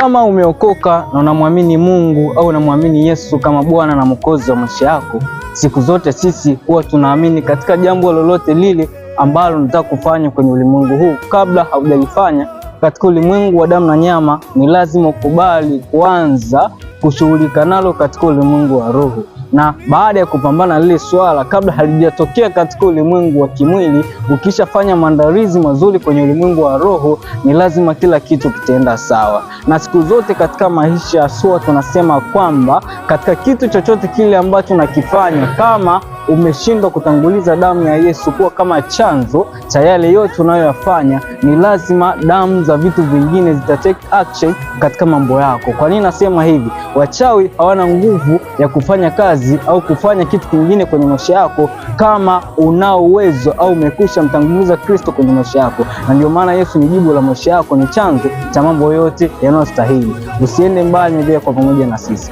Kama umeokoka na unamwamini Mungu au unamwamini Yesu kama Bwana na Mwokozi wa maisha yako, siku zote sisi huwa tunaamini katika jambo lolote lile ambalo unataka kufanya kwenye ulimwengu huu, kabla haujalifanya katika ulimwengu wa damu na nyama, ni lazima ukubali kwanza kushughulika nalo katika ulimwengu wa roho na baada ya kupambana lile swala kabla halijatokea katika ulimwengu wa kimwili, ukishafanya maandalizi mazuri kwenye ulimwengu wa roho, ni lazima kila kitu kitaenda sawa. Na siku zote katika maisha ya SUA tunasema kwamba katika kitu chochote kile ambacho unakifanya kama umeshindwa kutanguliza damu ya Yesu kuwa kama chanzo cha yale yote unayoyafanya, ni lazima damu za vitu vingine zita take action katika mambo yako. Kwa nini nasema hivi? Wachawi hawana nguvu ya kufanya kazi au kufanya kitu kingine kwenye maisha yako kama unao uwezo au umekwisha mtanguliza Kristo kwenye maisha yako, na ndio maana Yesu ni jibu la maisha yako, ni chanzo cha mambo yote yanayostahili. Usiende mbali, endelea kwa pamoja na sisi.